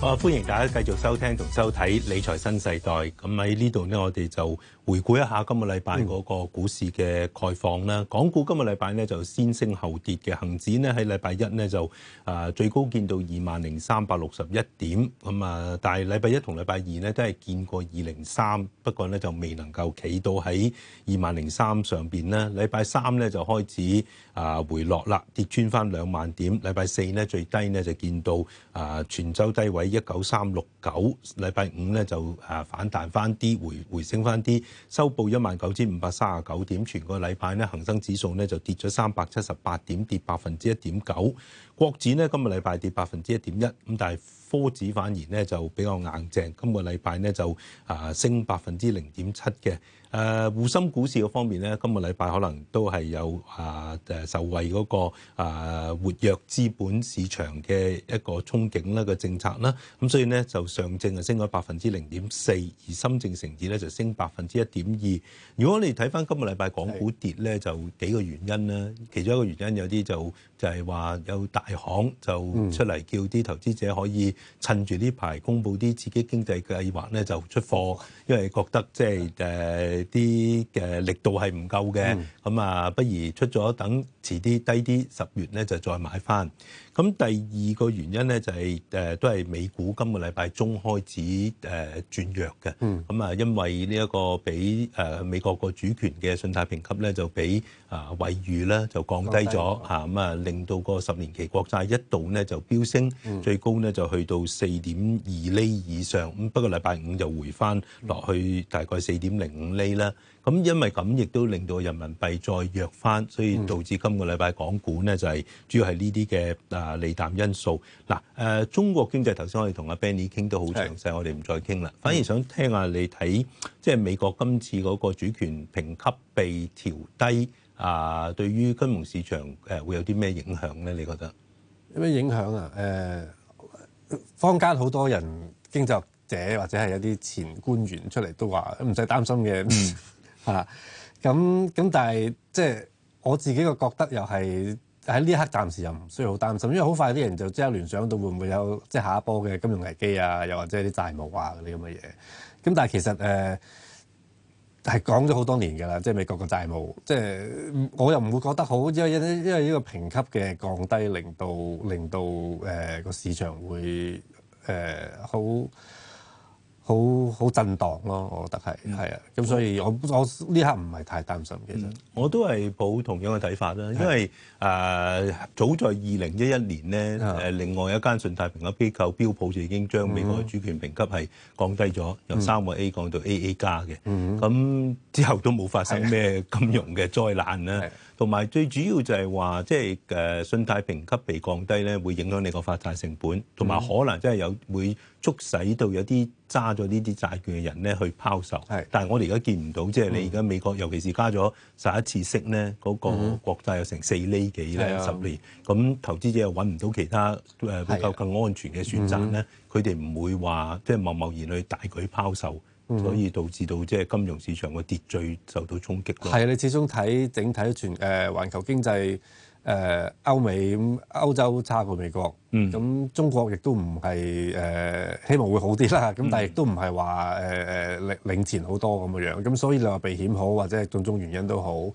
我歡迎大家繼續收聽同收睇《理財新世代》。咁喺呢度呢，我哋就回顧一下今個禮拜嗰個股市嘅概況啦。港股、嗯、今個禮拜呢，就先升後跌嘅，恒指呢，喺禮拜一呢，就啊最高見到二萬零三百六十一點，咁、嗯、啊，但係禮拜一同禮拜二呢，都係見過二零三，不過呢，就未能夠企到喺二萬零三上邊啦。禮拜三呢，就開始啊回落啦，跌穿返兩萬點。禮拜四呢，最低呢，就見到啊全周低位。一九三六九，禮拜五咧就誒反彈翻啲，回回升翻啲，收報一萬九千五百三十九點。全個禮拜咧，恒生指數咧就跌咗三百七十八點，跌百分之一點九。國指咧今日禮拜跌百分之一點一，咁但係。科指反而咧就比較硬淨，今個禮拜呢就啊升百分之零點七嘅。誒、啊，滬深股市嘅方面呢，今個禮拜可能都係有啊，啊受惠嗰、那個啊活躍資本市場嘅一個憧憬啦嘅政策啦。咁、啊、所以呢就上證啊升咗百分之零點四，而深證成指咧就升百分之一點二。如果你睇翻今個禮拜港股跌咧，是就幾個原因啦。其中一個原因有啲就就係話有大行就出嚟叫啲投資者可以。趁住呢排公布啲自己經濟計劃咧，就出貨，因為覺得即係誒啲嘅力度係唔夠嘅，咁啊、嗯，不如出咗等遲啲低啲十月咧就再買翻。咁第二個原因咧就係、是、誒、呃、都係美股今個禮拜中開始誒轉、呃、弱嘅，咁啊、嗯，因為呢一個俾誒、呃、美國個主權嘅信貸評級咧就俾啊惠譽咧就降低咗嚇，咁啊令到個十年期國債一度咧就飆升，最高咧就去到四點二厘以上咁，不過禮拜五就回翻落去大概四點零五厘啦。咁因為咁，亦都令到人民幣再弱翻，所以導致今個禮拜港股咧就係、是、主要係呢啲嘅啊利淡因素嗱。誒、啊呃，中國經濟頭先我哋同阿 Benny 傾到好詳細，是我哋唔再傾啦，反而想聽下你睇即係美國今次嗰個主權評級被調低啊，對於金融市場誒、呃、會有啲咩影響咧？你覺得有咩影響啊？誒、呃？坊間好多人經濟學者或者係一啲前官員出嚟都話唔使擔心嘅嚇，咁咁、嗯 啊、但係即係我自己嘅覺得又係喺呢一刻暫時又唔需要好擔心，因為好快啲人就即刻聯想到會唔會有即係、就是、下一波嘅金融危機啊，又或者啲債務啊嗰啲咁嘅嘢，咁但係其實誒。呃係講咗好多年㗎啦，即係美國個債務，即係我又唔會覺得好，因為因為呢個評級嘅降低，令到令到誒個、呃、市場會誒、呃、好。好好震盪咯，啊，我覺得係係啊，咁所以我我呢刻唔係太擔心，其實、嗯、我都係抱同樣嘅睇法啦，因為誒是的、呃、早在二零一一年咧，誒、呃、是的 另外一間信貸評級機構標普就已經將美國嘅主權評級係降低咗，由三個 A 降到 AA 加嘅，咁是的、嗯、之後都冇發生咩金融嘅災難啦。是的是的是的同埋最主要就係話，即係誒信貸評級被降低咧，會影響你個發債成本，同埋可能即係有會促使到有啲揸咗呢啲債券嘅人咧去拋售。係，是的 但係我哋而家見唔到，是的 即係你而家美國、嗯、尤其是加咗十一次息咧，嗰、那個國債有成四厘幾咧，十是的 年，咁投資者又揾唔到其他誒、呃、比較更安全嘅選擇咧，佢哋唔會話即係貿貿然去大舉拋售。所以導致到即係金融市場嘅秩序受到衝擊。係啊，你始終睇整體全誒全、呃、環球經濟誒、呃、歐美，咁歐洲差過美國，咁、嗯、中國亦都唔係誒希望會好啲啦。咁但亦都唔係話誒誒領領前好多咁嘅樣。咁所以你話避險好，或者係種種原因都好。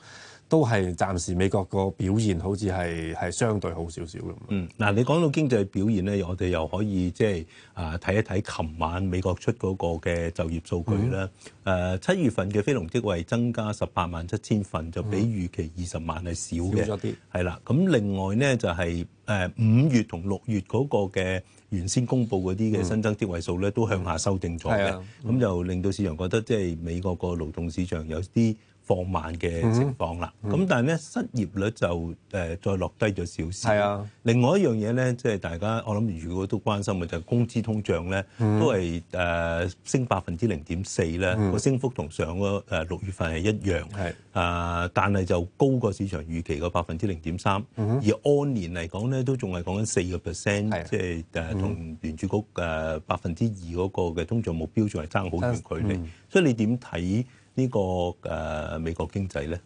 都係暫時美國個表現好似係係相對好少少咁。嗯，嗱，你講到經濟表現咧，我哋又可以即係啊睇一睇琴晚美國出嗰個嘅就業數據啦。誒、嗯，七、呃、月份嘅非農職位增加十八萬七千份，就比預期二十萬係少嘅，少咗啲、嗯。係啦，咁另外咧就係誒五月同六月嗰個嘅原先公佈嗰啲嘅新增職位數咧，嗯、都向下修正咗嘅。咁、嗯嗯、就令到市場覺得即係美國個勞動市場有啲放慢嘅情況啦，咁但係咧失業率就誒再落低咗少少。係啊，另外一樣嘢咧，即係大家我諗如果都關心嘅就係工資通脹咧，都係誒升百分之零點四咧，個升幅同上個誒六月份係一樣。係啊，但係就高過市場預期嘅百分之零點三。嗯哼，而按年嚟講咧，都仲係講緊四個 percent，即係誒同聯儲局誒百分之二嗰個嘅通脹目標仲係爭好遠距離。所以你點睇？呢、這個誒、呃、美國經濟咧，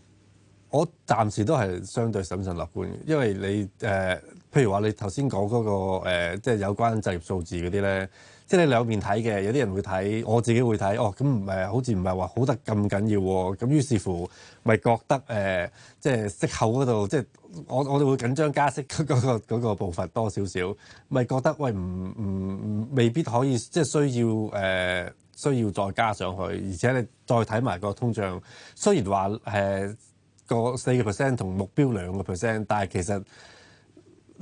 我暫時都係相對審慎樂觀嘅，因為你誒、呃、譬如話你頭先講嗰個、呃、即係有關就業數字嗰啲咧，即係你兩面睇嘅，有啲人會睇，我自己會睇。哦，咁誒唔係好似唔係話好得咁緊要、啊，咁於是乎咪覺得誒、呃，即係息口嗰度，即係我我哋會緊張加息嗰、嗰個步伐、嗰個、多少少，咪覺得喂唔唔未必可以，即係需要誒。呃需要再加上去，而且你再睇埋個通脹，雖然話，誒，個四個 percent 同目標兩個 percent，但係其實，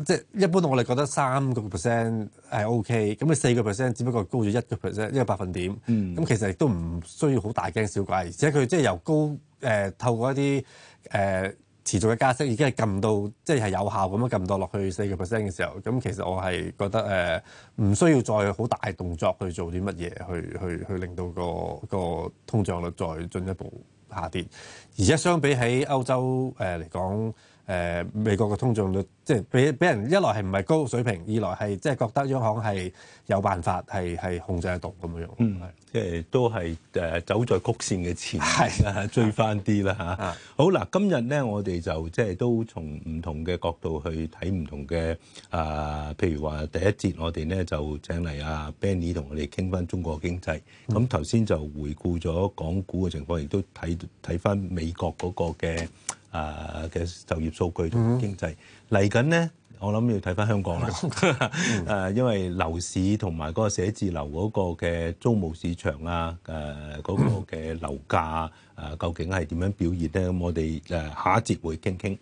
即係一般我哋覺得三個 percent 係 OK，咁你四個 percent 只不過高咗一個 percent，一個百分點，咁其實亦都唔需要好大驚小怪，而且佢即係由高誒、呃，透過一啲誒。呃持續嘅加息已經係撳到即係係有效咁樣撳到落去四個 percent 嘅時候，咁其實我係覺得誒唔、呃、需要再好大動作去做啲乜嘢去去去，去令到個個通脹率再進一步下跌，而且相比起歐洲誒嚟講。呃誒美國嘅通脹率，即係俾俾人一來係唔係高水平，二來係即係覺得央行係有辦法係係控制得到咁樣，嗯，即係都係誒走在曲線嘅前面是追翻啲是啦嚇。好啦，今日咧我哋就即係都從唔同嘅角度去睇唔同嘅啊，譬如話第一節我哋咧就請嚟阿、啊、Benny 同我哋傾翻中國經濟，咁頭先就回顧咗港股嘅情況，亦都睇睇翻美國嗰個嘅。啊嘅就業數據同經濟嚟緊咧，我諗要睇返香港啦。誒、 啊，因為樓市同埋嗰個寫字樓嗰個嘅租務市場啊，誒、啊、嗰、嗰個嘅樓價啊，啊究竟係點樣表現咧？咁我哋誒、啊、下一節會傾傾。